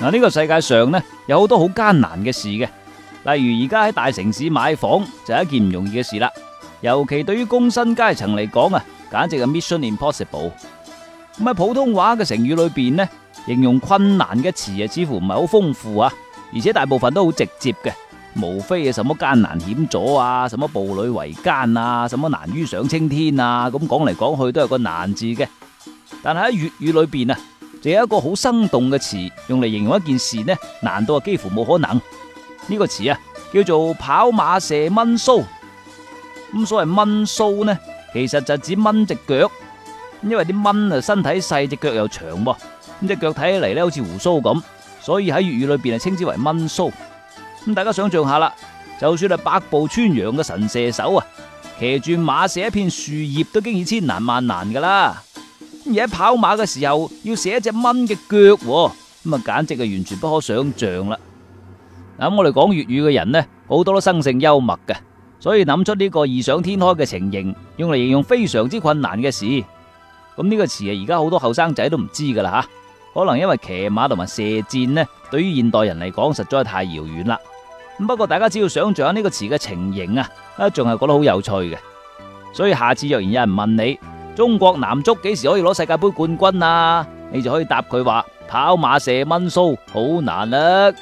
嗱，呢個世界上咧有好多好艱難嘅事嘅，例如而家喺大城市買房就係一件唔容易嘅事啦，尤其對於工薪階層嚟講啊，簡直係 mission impossible。咁喺普通話嘅成語裏邊咧，形容困難嘅詞啊，似乎唔係好豐富啊，而且大部分都好直接嘅，無非係什麼艱難險阻啊，什麼步履維艱啊，什麼難於上青天啊，咁講嚟講去都係個難字嘅。但係喺粵語裏邊啊。就係一個好生動嘅詞，用嚟形容一件事呢，難度啊，幾乎冇可能。呢、這個詞啊，叫做跑馬射蚊鬚。咁所謂蚊鬚呢，其實就指蚊隻腳，因為啲蚊啊身體細，隻腳又長，咁隻腳睇起嚟咧好似胡鬚咁，所以喺粵語裏邊啊稱之為蚊鬚。咁大家想象下啦，就算係百步穿楊嘅神射手啊，騎住馬射一片樹葉都經已千難萬難噶啦。而喺跑馬嘅時候要射一隻蚊嘅腳，咁啊簡直係完全不可想象啦！嗱、嗯，我哋講粵語嘅人呢，好多都生性幽默嘅，所以諗出呢個異想天開嘅情形，用嚟形容非常之困難嘅事。咁、嗯、呢、呢個詞啊，而家好多後生仔都唔知噶啦吓，可能因為騎馬同埋射箭呢，對於現代人嚟講，實在太遙遠啦。咁、嗯、不過大家只要想象呢個詞嘅情形啊，啊仲係覺得好有趣嘅，所以下次若然有人問你，中國男足幾時可以攞世界杯冠軍啊？你就可以答佢話跑馬射蚊鬚好難啦。